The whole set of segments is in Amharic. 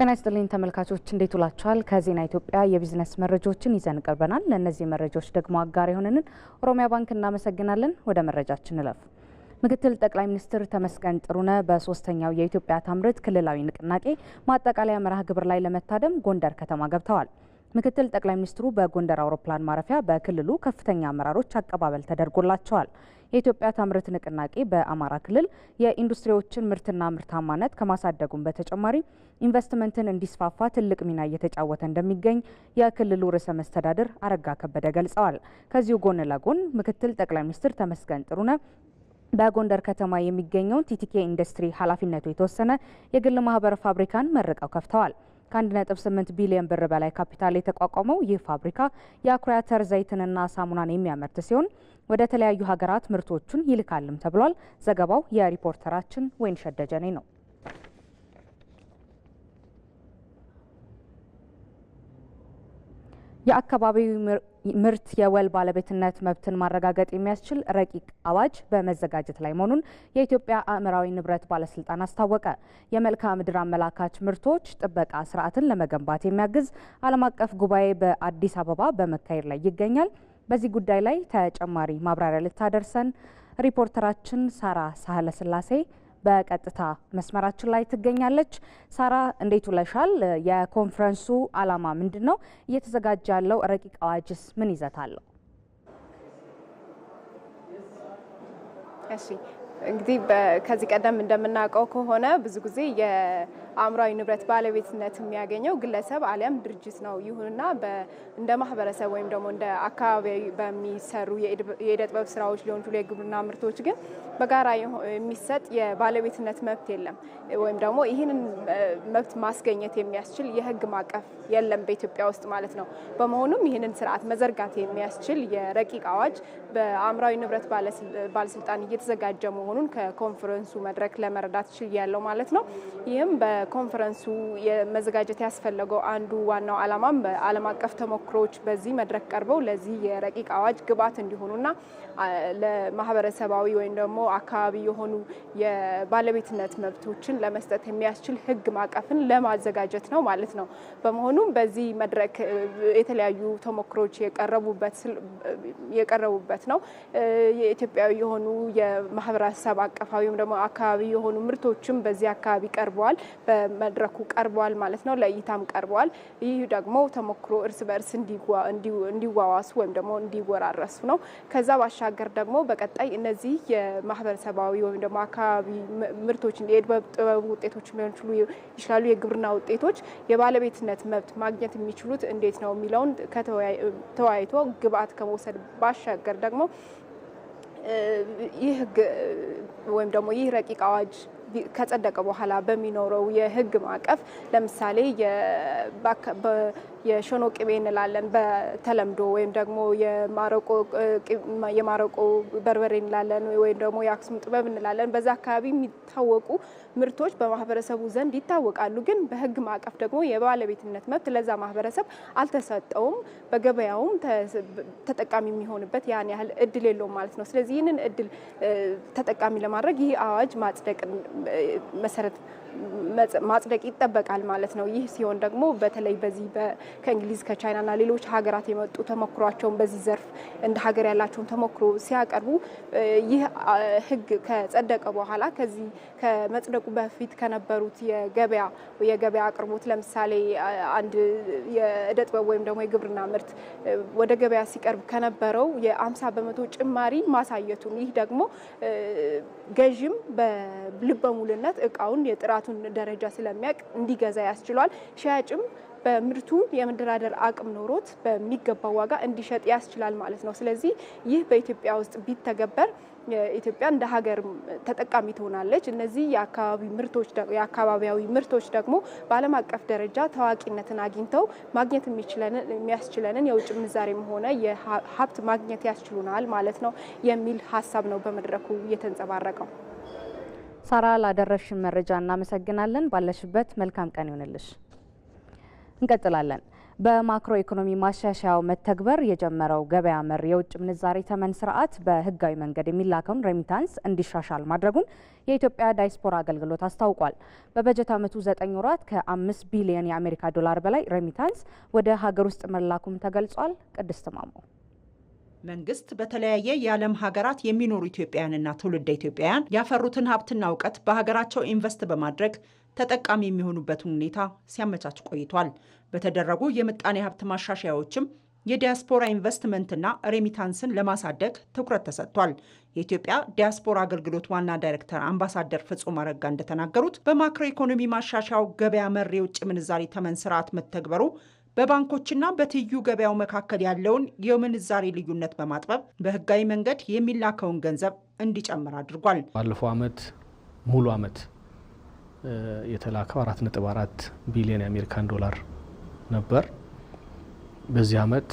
ጤና ይስጥልኝ ተመልካቾች፣ እንዴት ውላችኋል? ከዜና ኢትዮጵያ የቢዝነስ መረጃዎችን ይዘን ቀርበናል። ለእነዚህ መረጃዎች ደግሞ አጋር የሆነንን ኦሮሚያ ባንክ እናመሰግናለን። ወደ መረጃችን እለፍ። ምክትል ጠቅላይ ሚኒስትር ተመስገን ጥሩነ በሶስተኛው የኢትዮጵያ ታምርት ክልላዊ ንቅናቄ ማጠቃለያ መርሃ ግብር ላይ ለመታደም ጎንደር ከተማ ገብተዋል። ምክትል ጠቅላይ ሚኒስትሩ በጎንደር አውሮፕላን ማረፊያ በክልሉ ከፍተኛ አመራሮች አቀባበል ተደርጎላቸዋል። የኢትዮጵያ ታምርት ንቅናቄ በአማራ ክልል የኢንዱስትሪዎችን ምርትና ምርታማነት ከማሳደጉም በተጨማሪ ኢንቨስትመንትን እንዲስፋፋ ትልቅ ሚና እየተጫወተ እንደሚገኝ የክልሉ ርዕሰ መስተዳድር አረጋ ከበደ ገልጸዋል። ከዚሁ ጎን ለጎን ምክትል ጠቅላይ ሚኒስትር ተመስገን ጥሩነህ በጎንደር ከተማ የሚገኘውን ቲቲኬ ኢንዱስትሪ ኃላፊነቱ የተወሰነ የግል ማህበር ፋብሪካን መርቀው ከፍተዋል። ከ1.8 ቢሊዮን ብር በላይ ካፒታል የተቋቋመው ይህ ፋብሪካ የአኩሪ አተር ዘይትንና ሳሙናን የሚያመርት ሲሆን ወደ ተለያዩ ሀገራት ምርቶቹን ይልካልም ተብሏል። ዘገባው የሪፖርተራችን ወይን ሸደጀኔ ነው። የአካባቢው ምርት የወል ባለቤትነት መብትን ማረጋገጥ የሚያስችል ረቂቅ አዋጅ በመዘጋጀት ላይ መሆኑን የኢትዮጵያ አእምሯዊ ንብረት ባለስልጣን አስታወቀ። የመልክዓ ምድር አመላካች ምርቶች ጥበቃ ስርዓትን ለመገንባት የሚያግዝ ዓለም አቀፍ ጉባኤ በአዲስ አበባ በመካሄድ ላይ ይገኛል። በዚህ ጉዳይ ላይ ተጨማሪ ማብራሪያ ልታደርሰን ሪፖርተራችን ሳራ ሳህለስላሴ በቀጥታ መስመራችን ላይ ትገኛለች። ሳራ እንዴት ውለሻል? የኮንፈረንሱ ዓላማ ምንድን ነው? እየተዘጋጀ ያለው ረቂቅ አዋጅስ ምን ይዘት አለው? እንግዲህ ከዚህ ቀደም እንደምናውቀው ከሆነ ብዙ ጊዜ አእምሯዊ ንብረት ባለቤትነት የሚያገኘው ግለሰብ አሊያም ድርጅት ነው። ይሁንና እንደ ማህበረሰብ ወይም ደግሞ እንደ አካባቢ በሚሰሩ የእደ ጥበብ ስራዎች ሊሆን ይችላሉ፣ የግብርና ምርቶች ግን በጋራ የሚሰጥ የባለቤትነት መብት የለም ወይም ደግሞ ይህንን መብት ማስገኘት የሚያስችል የህግ ማቀፍ የለም በኢትዮጵያ ውስጥ ማለት ነው። በመሆኑም ይህንን ስርዓት መዘርጋት የሚያስችል የረቂቅ አዋጅ በአእምሯዊ ንብረት ባለስልጣን እየተዘጋጀ መሆኑን ከኮንፈረንሱ መድረክ ለመረዳት ያለው ማለት ነው። ይህም ኮንፈረንሱ መዘጋጀት ያስፈለገው አንዱ ዋናው ዓላማም በዓለም አቀፍ ተሞክሮዎች በዚህ መድረክ ቀርበው ለዚህ የረቂቅ አዋጅ ግብዓት እንዲሆኑና ለማህበረሰባዊ ወይም ደግሞ አካባቢ የሆኑ የባለቤትነት መብቶችን ለመስጠት የሚያስችል ሕግ ማቀፍን ለማዘጋጀት ነው ማለት ነው። በመሆኑም በዚህ መድረክ የተለያዩ ተሞክሮች የቀረቡበት ነው። የኢትዮጵያዊ የሆኑ የማህበረሰብ አቀፋዊ ደግሞ አካባቢ የሆኑ ምርቶችም በዚህ አካባቢ ቀርበዋል። በመድረኩ ቀርበዋል ማለት ነው። ለእይታም ቀርበዋል። ይህ ደግሞ ተሞክሮ እርስ በእርስ እንዲዋዋሱ ወይም ደግሞ እንዲወራረሱ ነው። ከዛ ባሻገር ደግሞ በቀጣይ እነዚህ የማህበረሰባዊ ወይም ደግሞ አካባቢ ምርቶችን የጥበብ ውጤቶች ሊሆን ይችላሉ፣ የግብርና ውጤቶች የባለቤትነት መብት ማግኘት የሚችሉት እንዴት ነው የሚለውን ተወያይቶ ግብአት ከመውሰድ ባሻገር ደግሞ ይህ ህግ ወይም ደግሞ ይህ ረቂቅ አዋጅ ከጸደቀ በኋላ በሚኖረው የህግ ማዕቀፍ ለምሳሌ የሾኖ ቅቤ እንላለን በተለምዶ ወይም ደግሞ የማረቆ በርበሬ እንላለን ወይም ደግሞ የአክሱም ጥበብ እንላለን። በዛ አካባቢ የሚታወቁ ምርቶች በማህበረሰቡ ዘንድ ይታወቃሉ። ግን በህግ ማዕቀፍ ደግሞ የባለቤትነት መብት ለዛ ማህበረሰብ አልተሰጠውም። በገበያውም ተጠቃሚ የሚሆንበት ያን ያህል እድል የለውም ማለት ነው። ስለዚህ ይህንን እድል ተጠቃሚ ለማድረግ ይህ አዋጅ ማጽደቅ መሰረት ማጽደቅ ይጠበቃል ማለት ነው። ይህ ሲሆን ደግሞ በተለይ በዚህ ከእንግሊዝ ከቻይናና ሌሎች ሀገራት የመጡ ተሞክሯቸውን በዚህ ዘርፍ እንደ ሀገር ያላቸውን ተሞክሮ ሲያቀርቡ ይህ ህግ ከጸደቀ በኋላ ከዚህ ከመጽደቁ በፊት ከነበሩት የገበያ የገበያ አቅርቦት ለምሳሌ አንድ የእደ ጥበብ ወይም ደግሞ የግብርና ምርት ወደ ገበያ ሲቀርብ ከነበረው የአምሳ በመቶ ጭማሪ ማሳየቱን ይህ ደግሞ ገዥም በልበሙልነት እቃውን የጥራቱን ደረጃ ስለሚያውቅ እንዲገዛ ያስችሏል። ሻያጭም በምርቱ የመደራደር አቅም ኖሮት በሚገባው ዋጋ እንዲሸጥ ያስችላል ማለት ነው። ስለዚህ ይህ በኢትዮጵያ ውስጥ ቢተገበር ኢትዮጵያ እንደ ሀገር ተጠቃሚ ትሆናለች። እነዚህ የአካባቢ ምርቶች የአካባቢያዊ ምርቶች ደግሞ በዓለም አቀፍ ደረጃ ታዋቂነትን አግኝተው ማግኘት የሚያስችለንን የውጭ ምንዛሬም ሆነ የሀብት ማግኘት ያስችሉናል ማለት ነው የሚል ሀሳብ ነው በመድረኩ የተንጸባረቀው። ሳራ፣ ላደረሽን መረጃ እናመሰግናለን። ባለሽበት መልካም ቀን ይሆንልሽ። እንቀጥላለን። በማክሮ ኢኮኖሚ ማሻሻያው መተግበር የጀመረው ገበያ መር የውጭ ምንዛሬ ተመን ስርዓት በህጋዊ መንገድ የሚላከውን ሬሚታንስ እንዲሻሻል ማድረጉን የኢትዮጵያ ዳያስፖራ አገልግሎት አስታውቋል። በበጀት ዓመቱ ዘጠኝ ወራት ከአምስት ቢሊዮን የአሜሪካ ዶላር በላይ ሬሚታንስ ወደ ሀገር ውስጥ መላኩም ተገልጿል። ቅድስት ማሞ መንግስት በተለያየ የዓለም ሀገራት የሚኖሩ ኢትዮጵያውያንና ትውልደ ኢትዮጵያውያን ያፈሩትን ሀብትና እውቀት በሀገራቸው ኢንቨስት በማድረግ ተጠቃሚ የሚሆኑበትን ሁኔታ ሲያመቻች ቆይቷል። በተደረጉ የምጣኔ ሀብት ማሻሻያዎችም የዲያስፖራ ኢንቨስትመንትና ሬሚታንስን ለማሳደግ ትኩረት ተሰጥቷል። የኢትዮጵያ ዲያስፖራ አገልግሎት ዋና ዳይሬክተር አምባሳደር ፍጹም አረጋ እንደተናገሩት በማክሮ ኢኮኖሚ ማሻሻያው ገበያ መር የውጭ ምንዛሪ ተመን ስርዓት መተግበሩ በባንኮችና በትይዩ ገበያው መካከል ያለውን የምንዛሬ ልዩነት በማጥበብ በህጋዊ መንገድ የሚላከውን ገንዘብ እንዲጨምር አድርጓል። ባለፈው አመት ሙሉ አመት የተላከው 4.4 ቢሊዮን የአሜሪካን ዶላር ነበር። በዚህ አመት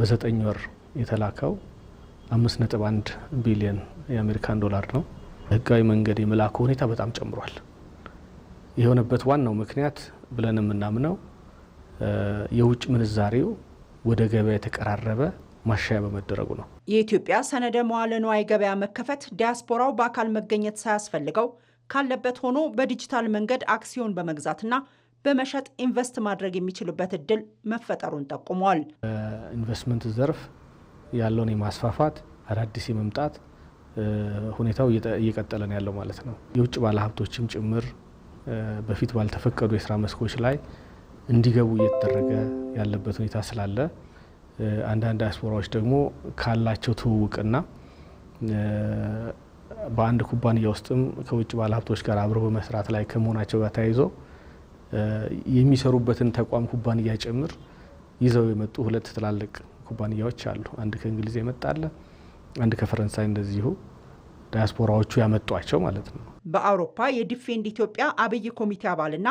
በዘጠኝ ወር የተላከው 5.1 ቢሊዮን የአሜሪካን ዶላር ነው። ህጋዊ መንገድ የመላኩ ሁኔታ በጣም ጨምሯል። የሆነበት ዋናው ምክንያት ብለን የምናምነው የውጭ ምንዛሬው ወደ ገበያ የተቀራረበ ማሻያ በመደረጉ ነው። የኢትዮጵያ ሰነደ መዋለ ንዋይ ገበያ መከፈት ዲያስፖራው በአካል መገኘት ሳያስፈልገው ካለበት ሆኖ በዲጂታል መንገድ አክሲዮን በመግዛትና በመሸጥ ኢንቨስት ማድረግ የሚችልበት እድል መፈጠሩን ጠቁሟል። ኢንቨስትመንት ዘርፍ ያለውን የማስፋፋት አዳዲስ የመምጣት ሁኔታው እየቀጠለ ነው ያለው ማለት ነው። የውጭ ባለሀብቶችም ጭምር በፊት ባልተፈቀዱ የስራ መስኮች ላይ እንዲገቡ እየተደረገ ያለበት ሁኔታ ስላለ አንዳንድ ዲያስፖራዎች ደግሞ ካላቸው ትውውቅና በአንድ ኩባንያ ውስጥም ከውጭ ባለሀብቶች ጋር አብረው በመስራት ላይ ከመሆናቸው ጋር ተያይዞ የሚሰሩበትን ተቋም ኩባንያ ጭምር ይዘው የመጡ ሁለት ትላልቅ ኩባንያዎች አሉ። አንድ ከእንግሊዝ የመጣለ አንድ ከፈረንሳይ እንደዚሁ ዲያስፖራዎቹ ያመጧቸው ማለት ነው። በአውሮፓ የዲፌንድ ኢትዮጵያ አብይ ኮሚቴ አባልና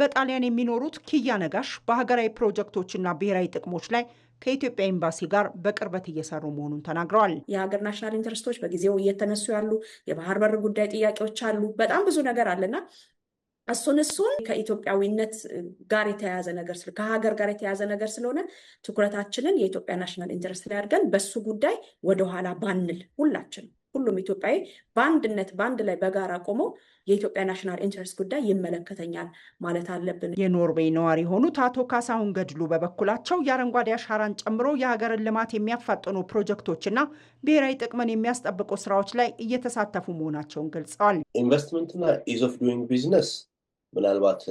በጣሊያን የሚኖሩት ኪያ ነጋሽ በሀገራዊ ፕሮጀክቶችና ብሔራዊ ጥቅሞች ላይ ከኢትዮጵያ ኤምባሲ ጋር በቅርበት እየሰሩ መሆኑን ተናግረዋል። የሀገር ናሽናል ኢንተረስቶች በጊዜው እየተነሱ ያሉ የባህር በር ጉዳይ ጥያቄዎች አሉ። በጣም ብዙ ነገር አለና እሱን እሱን ከኢትዮጵያዊነት ጋር የተያያዘ ነገር ከሀገር ጋር የተያያዘ ነገር ስለሆነ ትኩረታችንን የኢትዮጵያ ናሽናል ኢንተረስት ላይ አድርገን በሱ ጉዳይ ወደኋላ ባንል ሁላችንም ሁሉም ኢትዮጵያዊ በአንድነት በአንድ ላይ በጋራ ቆሞ የኢትዮጵያ ናሽናል ኢንትረስት ጉዳይ ይመለከተኛል ማለት አለብን። የኖርዌይ ነዋሪ የሆኑት አቶ ካሳሁን ገድሉ በበኩላቸው የአረንጓዴ አሻራን ጨምሮ የሀገርን ልማት የሚያፋጥኑ ፕሮጀክቶችና ብሔራዊ ጥቅምን የሚያስጠብቁ ስራዎች ላይ እየተሳተፉ መሆናቸውን ገልጸዋል። ኢንቨስትመንትና ኢዝ ኦፍ ዱዊንግ ቢዝነስ ምናልባት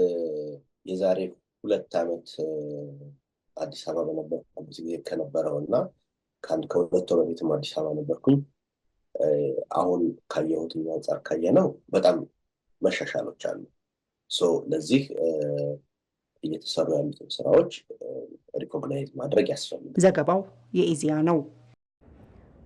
የዛሬ ሁለት ዓመት አዲስ አበባ በነበርኩ ጊዜ ከነበረው እና ከአንድ ከሁለት ወር በፊትም አዲስ አበባ ነበርኩኝ አሁን ካየሁት አንጻር ካየ ነው በጣም መሻሻሎች አሉ። ለዚህ እየተሰሩ ያሉትን ስራዎች ሪኮግናይዝ ማድረግ ያስፈልጋል። ዘገባው የኢዚያ ነው።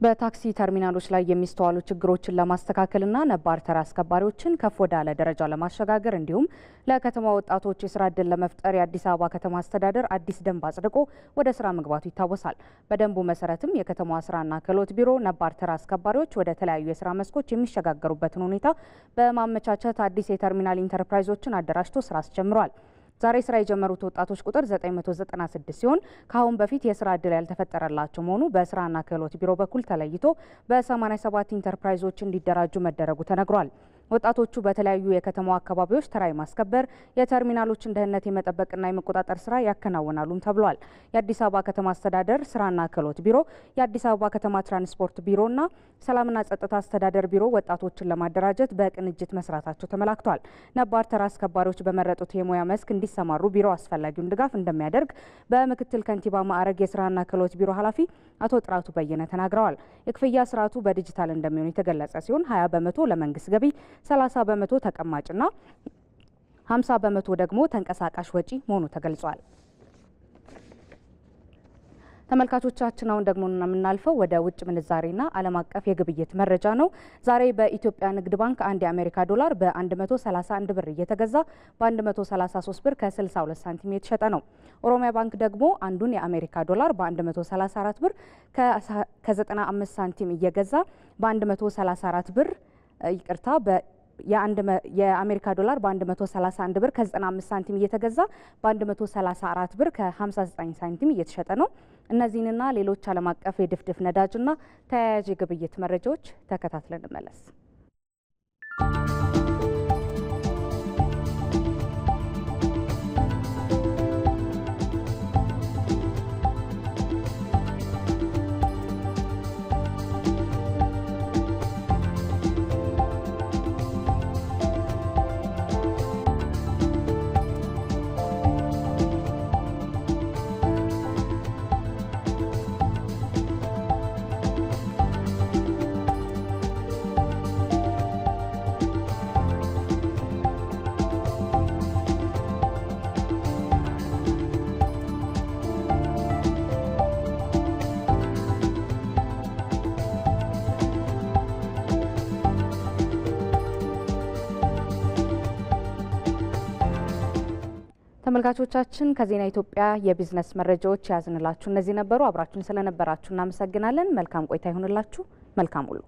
በታክሲ ተርሚናሎች ላይ የሚስተዋሉ ችግሮችን ለማስተካከልና ነባር ተራ አስከባሪዎችን ከፍ ወዳለ ደረጃ ለማሸጋገር እንዲሁም ለከተማ ወጣቶች የስራ እድል ለመፍጠር የአዲስ አበባ ከተማ አስተዳደር አዲስ ደንብ አጽድቆ ወደ ስራ መግባቱ ይታወሳል። በደንቡ መሰረትም የከተማዋ ስራና ክህሎት ቢሮ ነባር ተራ አስከባሪዎች ወደ ተለያዩ የስራ መስኮች የሚሸጋገሩበትን ሁኔታ በማመቻቸት አዲስ የተርሚናል ኢንተርፕራይዞችን አደራጅቶ ስራ አስጀምሯል። ዛሬ ስራ የጀመሩት ወጣቶች ቁጥር 996 ሲሆን ከአሁን በፊት የስራ እድል ያልተፈጠረላቸው መሆኑ በስራና ክህሎት ቢሮ በኩል ተለይቶ በ87 ኢንተርፕራይዞች እንዲደራጁ መደረጉ ተነግሯል። ወጣቶቹ በተለያዩ የከተማው አካባቢዎች ተራ የማስከበር የተርሚናሎችን ደህንነት የመጠበቅና የመቆጣጠር ስራ ያከናውናሉም ተብሏል። የአዲስ አበባ ከተማ አስተዳደር ስራና ክህሎት ቢሮ፣ የአዲስ አበባ ከተማ ትራንስፖርት ቢሮና ሰላምና ጸጥታ አስተዳደር ቢሮ ወጣቶችን ለማደራጀት በቅንጅት መስራታቸው ተመላክቷል። ነባር ተራ አስከባሪዎች በመረጡት የሙያ መስክ እንዲሰማሩ ቢሮ አስፈላጊውን ድጋፍ እንደሚያደርግ በምክትል ከንቲባ ማዕረግ የስራና ክህሎት ቢሮ ኃላፊ አቶ ጥራቱ በየነ ተናግረዋል። የክፍያ ስርዓቱ በዲጂታል እንደሚሆን የተገለጸ ሲሆን 20 በመቶ ለመንግስት ገቢ 30 በመቶ ተቀማጭና 50 በመቶ ደግሞ ተንቀሳቃሽ ወጪ መሆኑ ተገልጿል። ተመልካቾቻችን አሁን ደግሞ የምናልፈው ወደ ውጭ ምንዛሬና ዓለም አቀፍ የግብይት መረጃ ነው። ዛሬ በኢትዮጵያ ንግድ ባንክ አንድ የአሜሪካ ዶላር በ131 ብር እየተገዛ በ133 ብር ከ62 ሳንቲም የተሸጠ ነው። ኦሮሚያ ባንክ ደግሞ አንዱን የአሜሪካ ዶላር በ134 ብር ከ95 ሳንቲም እየገዛ በ134 ብር ይቅርታ የአሜሪካ ዶላር በ131 ብር ከ95 ሳንቲም እየተገዛ በ134 ብር ከ59 ሳንቲም እየተሸጠ ነው። እነዚህንና ሌሎች ዓለም አቀፍ የድፍድፍ ነዳጅና ተያያዥ የግብይት መረጃዎች ተከታትለን መለስ ተመልካቾቻችን ከዜና ኢትዮጵያ የቢዝነስ መረጃዎች የያዝንላችሁ እነዚህ ነበሩ። አብራችሁን ስለነበራችሁ እናመሰግናለን። መልካም ቆይታ ይሁንላችሁ። መልካም ሁሉ